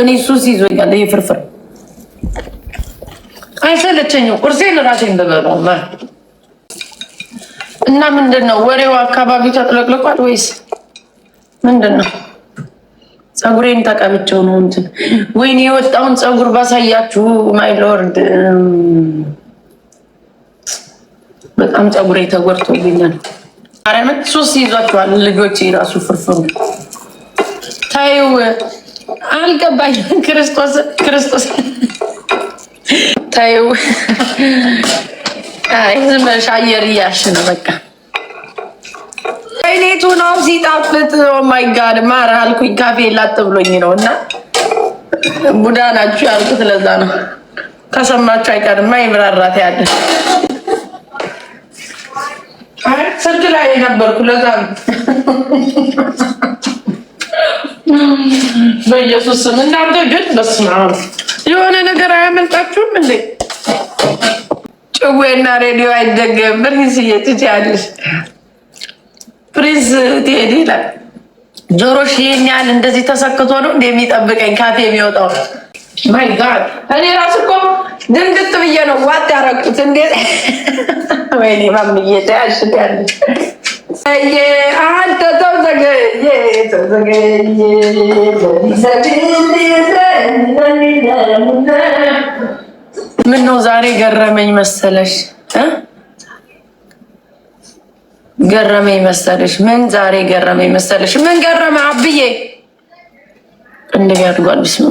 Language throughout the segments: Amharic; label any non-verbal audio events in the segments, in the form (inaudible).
እኔ ሱስ ይዞኛል። ይሄ ፍርፍር አይሰለቸኝም። ቁርሴን ራሴ እንደበላው እና ምንድን ነው ወሬው አካባቢ ተጥለቅልቋል ወይስ ምንድን ነው? ፀጉሬን ተቀብቼው ነው እንትን ወይኔ የወጣውን ፀጉር ባሳያችሁ ማይ ሎርድ፣ በጣም ፀጉሬ ተጎድቶብኛል። አረመት ሱስ ይዟችኋል ልጆች። የራሱ ፍርፍሩ ታዩ አልገባኝም። ክርስቶስ ክርስቶስ ታዩ ዝም በልሽ። አየር እያልሽ ነው በቃ አይኔቱ ነው ሲጣፍጥ። ኦማይ ጋድ ማር አልኩኝ። ካፌ ላጥ ብሎኝ ነው እና ቡዳ ናችሁ ያልኩት ለዛ ነው። ከሰማችሁ አይቀርማ ይብራራት ያለ ስልክ ላይ የነበርኩ ለዛ ነው። በኢየሱስ ስም እናንተ ግን በስመ የሆነ ነገር አያመልጣችሁም እንዴ? ጭዌና ሬዲዮ አይደገም። በርጊስ እየትችያለሽ ፕሪንስ ትሄድ ይላል። ጆሮሽ ይሄን ያህል እንደዚህ ተሰክቶ ነው እንደ የሚጠብቀኝ ካፌ የሚወጣው ማይ ጋድ። እኔ ራሱ እኮ ድንግጥ ብዬ ነው ዋጥ ያረኩት። እንዴት ወይኔ ማምዬ ተያሽ ያለች ምነው ዛሬ ገረመኝ መሰለሽ? ገረመኝ መሰለሽ? ምን ዛሬ ገረመኝ መሰለሽ? ምን ገረመ አብዬ? ቅንድብ ያድጓል። ብስመ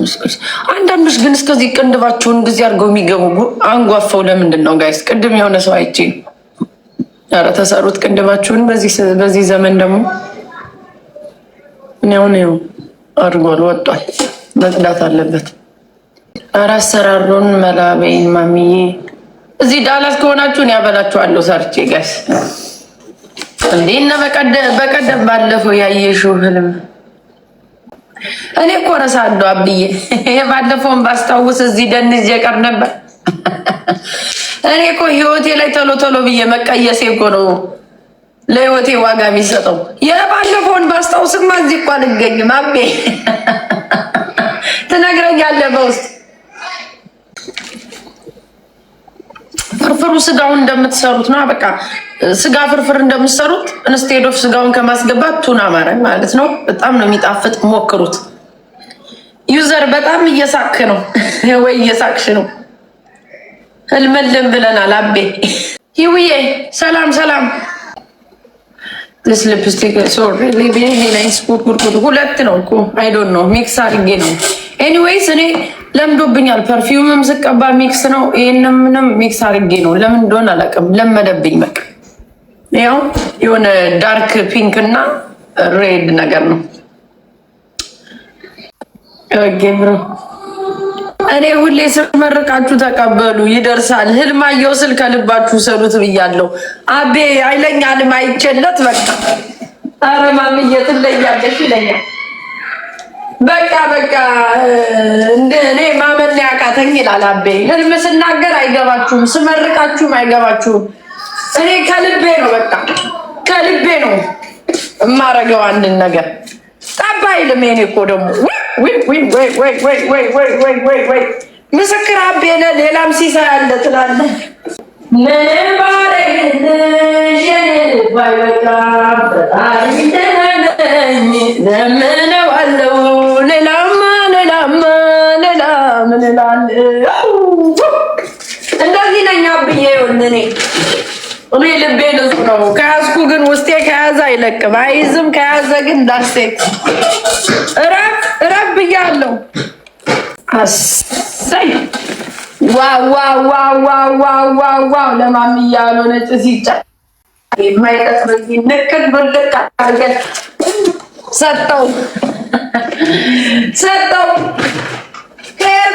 አንዳንዶች ግን እስከዚህ ቅንድባቸውን ጊዜ አድርገው የሚገቡ አንጓፈው ለምንድን ነው ጋይስ? ቅድም የሆነ ሰው አይቼ ነው ኧረ ተሰሩት ቅንድባችሁን። በዚህ ዘመን ደግሞ እኔው ነው አድርጓል ወጧል። መጽዳት አለበት። ኧረ አሰራሩን መላበይን ማሚዬ እዚህ ዳላት ከሆናችሁ እኔ ያበላችኋለሁ ሰርቼ ጋይስ እንዴና በቀደም ባለፈው ያየሽው ህልም እኔ እኮ አብዬ (laughs) ባለፈውን ባስታውስ እዚህ ደንዝ የቀር ነበር እኔ እኮ ህይወቴ ላይ ቶሎ ቶሎ ብዬ መቀየሴ እኮ ነው ለህይወቴ ዋጋ የሚሰጠው። የባለፈውን ባስታውስማ እዚህ እኮ አልገኝም። አቤ ትነግረኛለህ በውስጥ ፍርፍሩ ስጋውን እንደምትሰሩት ነው። በቃ ስጋ ፍርፍር እንደምትሰሩት እንስቴድ ኦፍ ስጋውን ከማስገባት ቱና ማረግ ማለት ነው። በጣም ነው የሚጣፍጥ፣ ሞክሩት። ዩዘር በጣም እየሳክ ነው ወይ እየሳክሽ ነው? እልምልም ብለናል። አቤ ይውዬ ሰላም ሰላም። ልፕስቲክ ሁለት ነው እኮ አይዶን ነው ሚክስ አድርጌ ነው። ኤኒዌይስ እኔ ለምዶብኛል። ፐርፊውምም ስቀባ ሚክስ ነው። ይህንም ምንም ሚክስ አድርጌ ነው። ለምን እንደሆነ አላውቅም። ለመደብኝ በቃ። ያው የሆነ ዳርክ ፒንክ እና ሬድ ነገር ነው። ኦኬ እኔ ሁሌ ስመርቃችሁ ተቀበሉ፣ ይደርሳል። ህልማየው ስል ከልባችሁ ሰሉት ብያለሁ። አቤ አይለኛ ህልም አይቼለት በቃ ኧረ ማምዬ ትለያለሽ ይለኛል። በቃ በቃ እኔ ማመን ያቃተኝ ይላል አቤ። ህልም ስናገር አይገባችሁም፣ ስመርቃችሁም አይገባችሁም። እኔ ከልቤ ነው በቃ ከልቤ ነው እማረገው አንድን ነገር ጠባ ይልም የኔ እኮ ደግሞ ምስክር አቤ ነህ። ሌላም ሲሳይ አለ ትላለህ። ምንም ባረግልሽ ልብ አይበቃም። ሌላማ ሌላማ ሌላ ምን እንደዚህ ነኝ አብዬ። እኔ እኔ ልቤ ንጹህ ነው። ከያዝኩ ግን ውስጤ ከያዘ አይለቅም፣ አይዝም። ከያዘ ግን ዳሴ ብያለሁ። አሰይ ዋዋዋዋዋዋዋ ለማምያ ያልሆነ ነጭ ሲጫ የማይቀጥበዚ ንክት ብልቅ አድርገን ሰጠው ሰጠው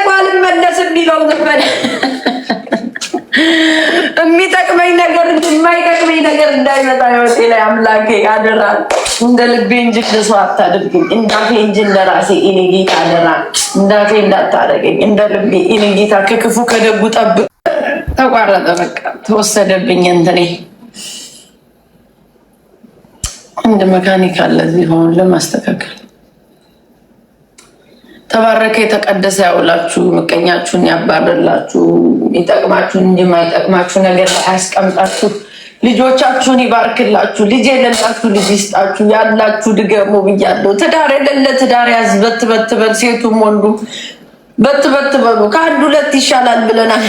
እኮ አልመለስም የሚጠቅመኝ ነገር እንጂ የማይጠቅመኝ ነገር እንዳይመጣ ላይ አምላኬ አደራ። እንደ ልቤ እንጂ ለሰው አታደርገኝ፣ እንዳፌ እንጂ ለራሴ እኔ ጌታ አደራ። እንዳፌ እንዳታደርገኝ፣ እንደ ልቤ እኔ ጌታ ከክፉ ከደጉ ጠብቅ። ተቋረጠ፣ በቃ ተወሰደብኝ። እንትኔ እንደ መካኒክ አለ እዚህ ሆን ለማስተካከል የተባረከ የተቀደሰ ያውላችሁ፣ ምቀኛችሁን ያባርላችሁ፣ ይጠቅማችሁን እንጂ ነገር አያስቀምጣችሁ፣ ልጆቻችሁን ይባርክላችሁ፣ ልጅ የሌላችሁ ልጅ ይስጣችሁ፣ ያላችሁ ድገሙ ብያለሁ። ትዳር የሌለ ትዳር ያዝ፣ በትበትበል፣ ሴቱም ወንዱም በትበትበሉ፣ ከአንድ ሁለት ይሻላል ብለናል።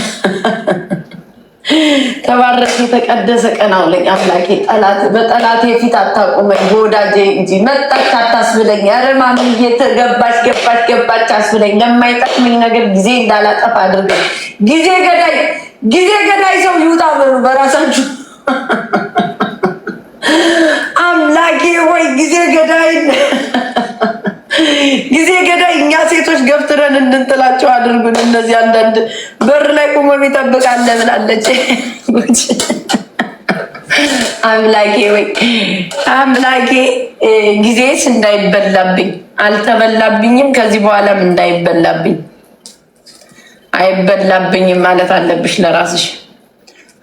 ተባረክ የተቀደሰ ቀን አውለኝ አምላኬ። ጠላት በጠላቴ ፊት አታቁመኝ፣ በወዳጄ እንጂ መጣች አታስብለኝ። ኧረ ማሚዬ ገባች ገባች ገባች አስብለኝ። ለማይጠቅመኝ ነገር ጊዜ እንዳላጠፋ አድርገኝ። ጊዜ ገዳይ ጊዜ ገዳይ ሰው ይውጣ በራሳችሁ ብለን እንድንጥላቸው አድርጉን። እነዚህ አንዳንድ በር ላይ ቆሞ ይጠብቃል አለች። አምላኬ ወይ አምላኬ፣ ጊዜስ እንዳይበላብኝ አልተበላብኝም። ከዚህ በኋላም እንዳይበላብኝ አይበላብኝም ማለት አለብሽ ለራስሽ።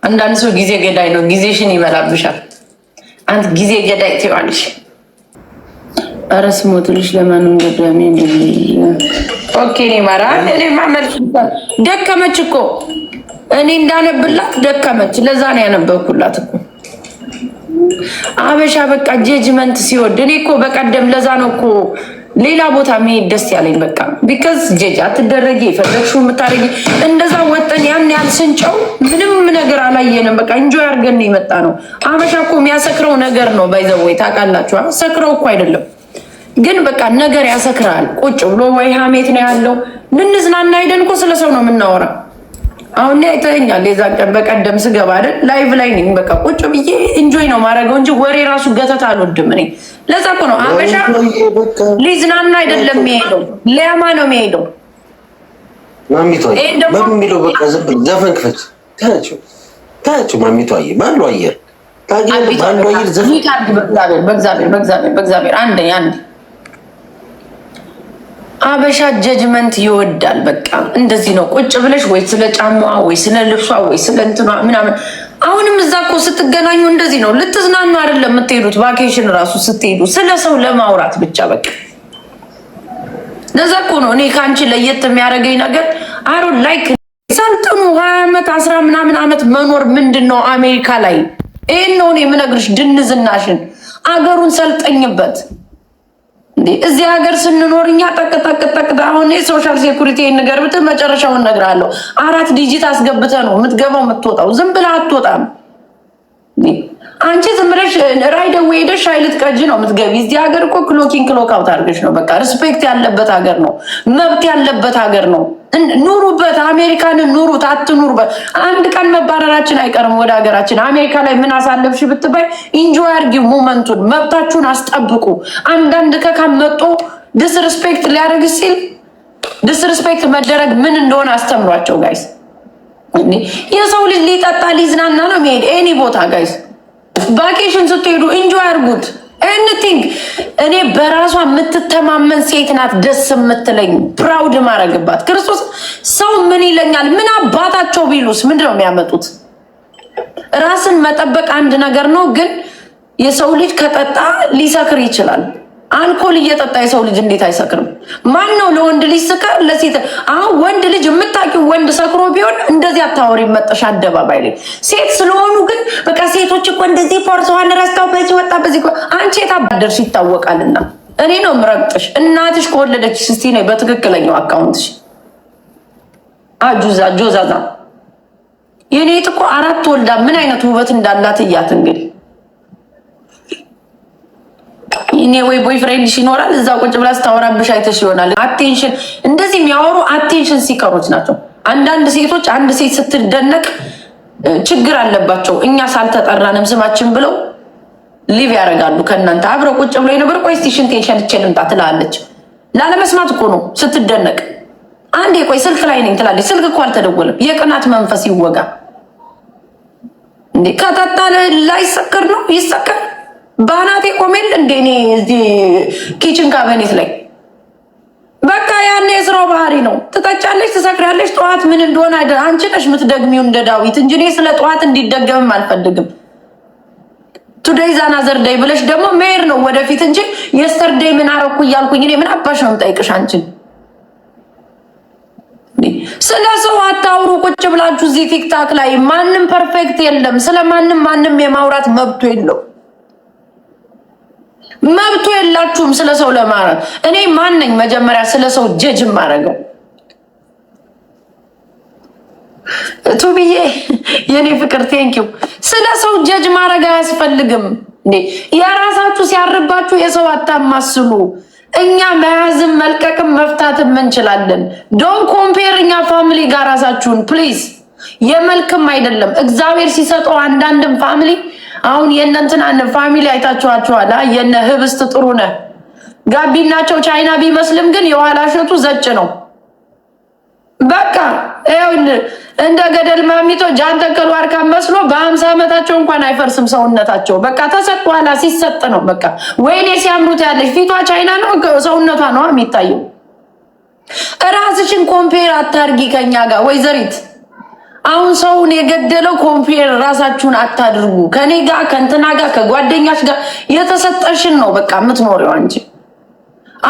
አንዳንድ ሰው ጊዜ ገዳይ ነው፣ ጊዜሽን ይበላብሻል። አንድ ጊዜ ገዳይ ትይዋለሽ። ኧረ ስሞትልሽ ለማንም ገዳሚ ኦኬ። እኔ ማርያም እኔማ መልስ ደከመች እኮ እኔ እንዳነብላት ደከመች። ለዛ ነው ያነበብኩላት እኮ አበሻ በቃ ጀጅመንት ሲወድ እኔ እኮ በቀደም ለዛ ነው እኮ ሌላ ቦታ መሄድ ደስ ያለኝ በቃ ቢከዝ ጀጅ አትደረጊ የፈለግሽው የምታደረጊ እንደዛ ወጠን ያን ያህል ስንጨው ምንም ነገር አላየንም። በቃ እንጆ ያርገን የመጣ ነው። አበሻ እኮ የሚያሰክረው ነገር ነው። ባይዘወይ ታውቃላችሁ፣ ሰክረው እኮ አይደለም ግን በቃ ነገር ያሰክራል። ቁጭ ብሎ ወይ ሀሜት ነው ያለው። ልንዝናና ሄደን እኮ ስለ ሰው ነው የምናወራ። አሁን ላይ አይተኸኛል። የዛ ቀን በቀደም ስገባ አይደል ላይቭ ላይ ነኝ። በቃ ቁጭ ብዬ ኢንጆይ ነው ማድረገው እንጂ ወሬ ራሱ ገተት አልወድም እኔ። ለዛ እኮ ነው አበሻ ሊዝናና አይደለም የሚሄደው፣ ሊያማ ነው የሚሄደው። ማሚቷ በሚለው በቃ ዝም ብለህ ዘፈን ክፈት። ታያቸው ታያቸው ማሚቷ አየ ባሉ አየር ታያቸው ባሉ አየር ዘፈን በእግዚአብሔር በእግዚአብሔር በእግዚአብሔር በእግዚአብሔር አንዴ አንዴ አበሻ ጀጅመንት ይወዳል። በቃ እንደዚህ ነው። ቁጭ ብለሽ ወይ ስለ ጫማዋ ወይ ስለ ልብሷ ወይ ስለ እንትኗ ምናምን። አሁንም እዛ እኮ ስትገናኙ እንደዚህ ነው። ልትዝናኑ አይደለም የምትሄዱት። ቫኬሽን ራሱ ስትሄዱ ስለ ሰው ለማውራት ብቻ በቃ ለዛ እኮ ነው እኔ ከአንቺ ለየት የሚያደርገኝ ነገር አሮን ላይክ ሰልጥኑ ሀያ ዓመት አስራ ምናምን ዓመት መኖር ምንድን ነው አሜሪካ ላይ። ይህን ነው እኔ የምነግርሽ ድንዝናሽን አገሩን ሰልጠኝበት። እንዴ እዚህ ሀገር ስንኖር እኛ ጠቅ ጠቅ ጠቅ አሁን ሶሻል ሴኩሪቲ ነገር ብትል መጨረሻውን እነግርሃለሁ። አራት ዲጂት አስገብተ ነው የምትገባው የምትወጣው። ዝም ብላ አትወጣም። አንቺ ዝም ብለሽ ራይደዌ ሄደሽ ሻይ ልትቀጂ ነው የምትገቢ። እዚህ ሀገር እኮ ክሎኪን ክሎክ አውት አድርገሽ ነው በቃ። ሪስፔክት ያለበት ሀገር ነው፣ መብት ያለበት ሀገር ነው። ኑሩበት፣ አሜሪካንን ኑሩት፣ አትኑሩበት። አንድ ቀን መባረራችን አይቀርም ወደ ሀገራችን። አሜሪካ ላይ ምን አሳለፍሽ ብትባይ ኢንጆይ አርጊ ሞመንቱን፣ መብታችሁን አስጠብቁ። አንዳንድ ከካም መጦ ዲስሪስፔክት ሊያደርግ ሲል ዲስሪስፔክት መደረግ ምን እንደሆነ አስተምሯቸው ጋይስ። የሰው ልጅ ሊጠጣ ሊዝናና ነው የሚሄድ ኤኒ ቦታ ጋይስ። ቫኬሽን ስትሄዱ ኢንጆይ አርጉት ኤኒቲንግ እኔ በራሷ የምትተማመን ሴት ናት ደስ የምትለኝ ፕራውድ ማድረግባት። ክርስቶስ ሰው ምን ይለኛል ምን አባታቸው ቢሉስ ምንድን ነው የሚያመጡት? ራስን መጠበቅ አንድ ነገር ነው፣ ግን የሰው ልጅ ከጠጣ ሊሰክር ይችላል። አልኮል እየጠጣ የሰው ልጅ እንዴት አይሰክርም? ማን ነው ለወንድ ልጅ ስከር ለሴት? አሁን ወንድ ልጅ የምታውቂው ወንድ ሰክሮ ቢሆን እንደዚህ አታወሪ መጠሻ አደባባይ ላይ። ሴት ስለሆኑ ግን በቃ ሴቶች እኮ እንደዚህ ፖርሰዋን ረስታው በዚህ ወጣ በዚህ አንቺ የታባደርሽ ይታወቃልና እኔ ነው ምረግጥሽ። እናትሽ ከወለደች ስቲ ነው በትክክለኛው አካውንትሽ አጁዛ ጆዛዛ የኔት እኮ አራት ወልዳ ምን አይነት ውበት እንዳላት እያት እንግዲህ እኔ ወይ ቦይፍሬንድሽ ይኖራል እዛ ቁጭ ብላ ስታወራብሽ አይተሽ ይሆናል። አቴንሽን እንደዚህ የሚያወሩ አቴንሽን ሲከሮች ናቸው። አንዳንድ ሴቶች አንድ ሴት ስትደነቅ ችግር አለባቸው እኛ ሳልተጠራንም ስማችን ብለው ሊቭ ያደርጋሉ። ከእናንተ አብረ ቁጭ ብሎ የነበር ቆይ እስቲ ሽንቴን ሸንቼ ልምጣ ትላለች። ላለመስማት እኮ ነው ስትደነቅ። አንዴ ቆይ ስልክ ላይ ነኝ ትላለች። ስልክ እኮ አልተደወለም። የቅናት መንፈስ ይወጋ እንዴ! ከጠጣ ላይሰክር ነው ይሰክር በአናቴ ቆሜል እንደ እኔ እዚህ ኪችን ካቢኔት ላይ በቃ ያን የስራው ባህሪ ነው። ትጠጫለች፣ ትሰክራለች። ጠዋት ምን እንደሆነ አንቺ ነሽ የምትደግሚው እንደ ዳዊት እንጂ እኔ ስለ ጠዋት እንዲደገምም አልፈልግም። ቱደይ ዛና ዘርደይ ብለሽ ደግሞ መሄድ ነው ወደፊት እንጂ የስተርደይ ምን አረኩ እያልኩኝ እኔ ምን አባሽ ነው የምጠይቅሽ አንቺን ስለ ሰው አታውሩ። ቁጭ ብላችሁ እዚህ ቲክታክ ላይ ማንም ፐርፌክት የለም። ስለ ማንም ማንም የማውራት መብቱ የለው። መብቱ የላችሁም ስለ ሰው ለማረግ። እኔ ማነኝ መጀመሪያ ስለ ሰው ጀጅ ማረገው? ቱብዬ የእኔ ፍቅር ቴንኪው። ስለ ሰው ጀጅ ማድረግ አያስፈልግም የራሳችሁ ሲያርባችሁ የሰው አታማስሉ። እኛ መያዝም መልቀቅም መፍታትም እንችላለን። ዶን ኮምፔር እኛ ፋሚሊ ጋር ራሳችሁን ፕሊዝ። የመልክም አይደለም እግዚአብሔር ሲሰጠው አንዳንድም ፋሚሊ አሁን የእነንትናን ፋሚሊ አይታችኋቸዋል። የነ ህብስት ጥሩ ነ ጋቢናቸው ቻይና ቢመስልም ግን የኋላ ሸቱ ዘጭ ነው። በቃ እንደ ገደል ማሚቶ ጃንተከሉ ዋርካ መስሎ በአምሳ ዓመታቸው እንኳን አይፈርስም ሰውነታቸው። በቃ ተሰጥ ኋላ ሲሰጥ ነው። በቃ ወይኔ ሲያምሩት ያለች ፊቷ ቻይና ነው፣ ሰውነቷ ነው የሚታየው። ራስሽን ኮምፔር አታርጊ ከኛ ጋር ወይዘሪት አሁን ሰውን የገደለው ኮምፔር ራሳችሁን አታድርጉ። ከኔ ጋር ከእንትና ጋር ከጓደኛች ጋር የተሰጠሽን ነው በቃ የምትኖሪው አንቺ።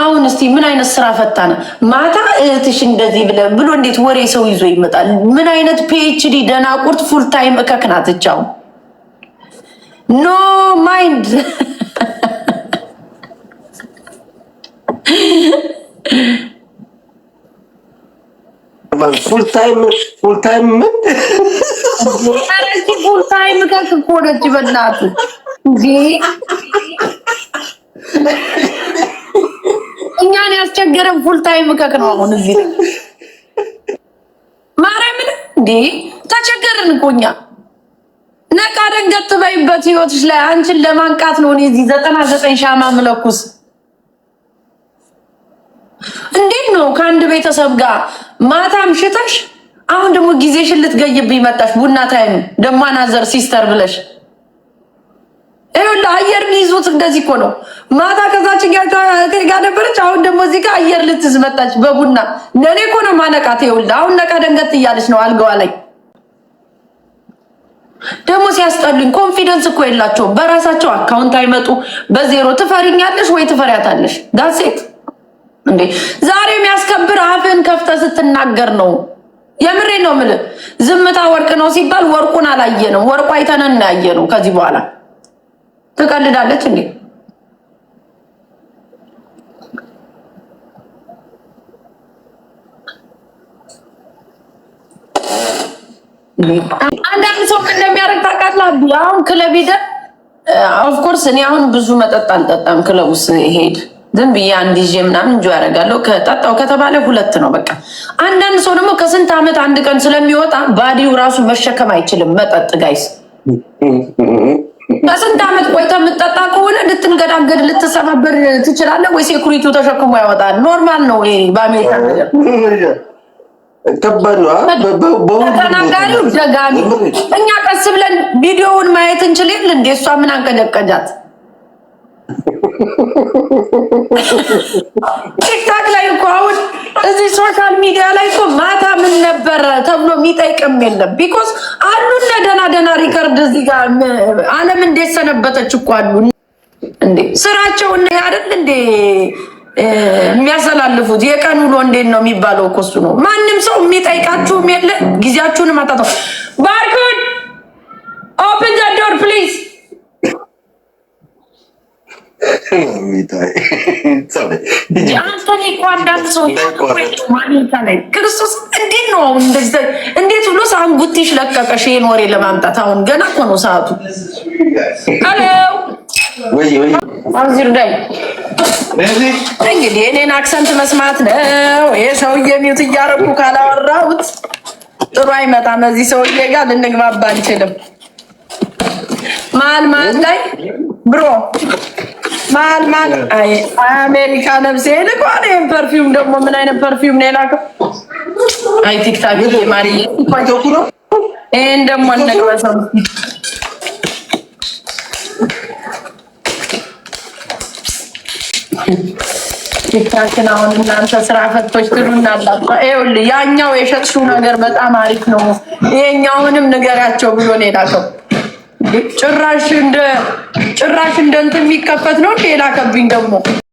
አሁን እስቲ ምን አይነት ስራ ፈታነ ማታ እህትሽ እንደዚህ ብለ ብሎ እንዴት ወሬ ሰው ይዞ ይመጣል? ምን አይነት ፒኤችዲ ደናቁርት ፉል ታይም እከክናትቻው ኖ ማይንድ (laughs) ፉልታይም ፉልታይም ምን ፉልታይም ከኮረጅ በናት እንዴ እኛን ያስቸገረን ፉልታይም ከክ ነው። አሁን እዚህ ማርያምን እንዴ ተቸገርን እኮ እኛ። ነቃ ደንገት በይበት ህይወትሽ ላይ አንቺን ለማንቃት ነው እኔ እዚህ ዘጠና ዘጠኝ ሻማ ምለኩስ እንዴት ነው ከአንድ ቤተሰብ ጋር ማታ አምሽተሽ አሁን ደግሞ ጊዜሽን ልትገይብኝ መጣሽ? ቡና ታይም ደሞ አናዘር ሲስተር ብለሽ ይኸውልህ አየር ሊይዙት እንደዚህ እኮ ነው። ማታ ከዛች ጋር ነበረች፣ አሁን ደግሞ እዚህ ጋር አየር ልትዝ መጣች በቡና ለእኔ እኮ ነው ማነቃት። ይኸውልህ አሁን ነቃ ደንገት እያለች ነው አልገዋ ላይ ደግሞ ሲያስጠሉኝ። ኮንፊደንስ እኮ የላቸውም በራሳቸው አካውንት አይመጡ በዜሮ ትፈሪኛለሽ ወይ ትፈሪያታለሽ? ዳሴት እንዴ ዛሬ የሚያስከብር አፍን ከፍተ ስትናገር ነው። የምሬ ነው ምል ዝምታ ወርቅ ነው ሲባል ወርቁን አላየንም። ወርቁ አይተን እናያየ ነው። ከዚህ በኋላ ትቀልዳለች እንዴ? አንዳንድ ሰው እንደሚያደርግ ታውቃለህ። አሁን ክለብ ሄደ። ኦፍኮርስ እኔ አሁን ብዙ መጠጥ አልጠጣም። ክለብ ውስጥ ሄድ ዝም ብዬ አንድ ይዤ ምናምን እንጆ ያደርጋለሁ። ከጠጣው ከተባለ ሁለት ነው በቃ። አንዳንድ ሰው ደግሞ ከስንት ዓመት አንድ ቀን ስለሚወጣ ባዲው ራሱ መሸከም አይችልም። መጠጥ ጋይስ፣ (laughs) ከስንት ዓመት ቆይተ የምጠጣ ከሆነ ልትንገዳገድ ልትሰባበር ትችላለ፣ ወይ ሴኩሪቲው ተሸክሞ ያወጣል። ኖርማል ነው ይሄ በአሜሪካ ነገር ከባድ ተናጋሪው ደጋሚ። እኛ ቀስ ብለን ቪዲዮውን ማየት እንችል የለ እንዴ? እሷ ምን አንቀደቀጃት? ቲክታክ ላይ እኮ አሁን እዚህ ሶሻል ሚዲያ ላይ እኮ ማታ ምን ነበረ ተብሎ የሚጠይቅም የለም። ቢኮዝ አሉና ደና ደና ሪከርድ እዚህ ጋር አለም እንዴት ሰነበተች እኮ አሉ እንዴ ስራቸው እና አይደል እንዴ የሚያስተላልፉት የቀን ውሎ እንዴት ነው የሚባለው እኮ እሱ ነው። ማንም ሰው የሚጠይቃችሁም የለ ጊዜያችሁንም አታጠፉ። ባርኩን ኦፕን ዘ ዶር ፕሊዝ አንተ ላይ እኮ አንዳንድ ሰው ክርስቶስ እንዴት ነው አሁን እንዴት ብሎ ለቀቀሽ? ይሄን ወሬ ለማምጣት አሁን ገና እኮ ነው ሰዓቱ። እንግዲህ እኔን አክሰንት መስማት ነው። ይሄ ሰውዬ ሚውት እያደረኩ ካላወራሁት ጥሩ አይመጣም። እዚህ ሰውዬ ጋር ልንግባባ አንችልም። መሀል መሀል ላይ ብሮ ማን ማን? አይ አሜሪካ ነብሴ ልኳን። ይሄን ፐርፊውም ደግሞ ምን አይነት ፐርፊውም ነው የላከው? አይ ቲክታክ ማሪ ነው። ይሄን ደግሞ እንግበሰው ቲክታክን። አሁን እናንተ ስራ ፈቶች ትሉና አላችሁ። ይኸውልህ ያኛው የሸጥሽው ነገር በጣም አሪፍ ነው፣ ይሄኛውንም ንገሪያቸው ብሎ ነው የላከው ጭራሽ እንደ ጭራሽ እንደ እንትን የሚከፈት ነው። ሌላ ከብኝ ደግሞ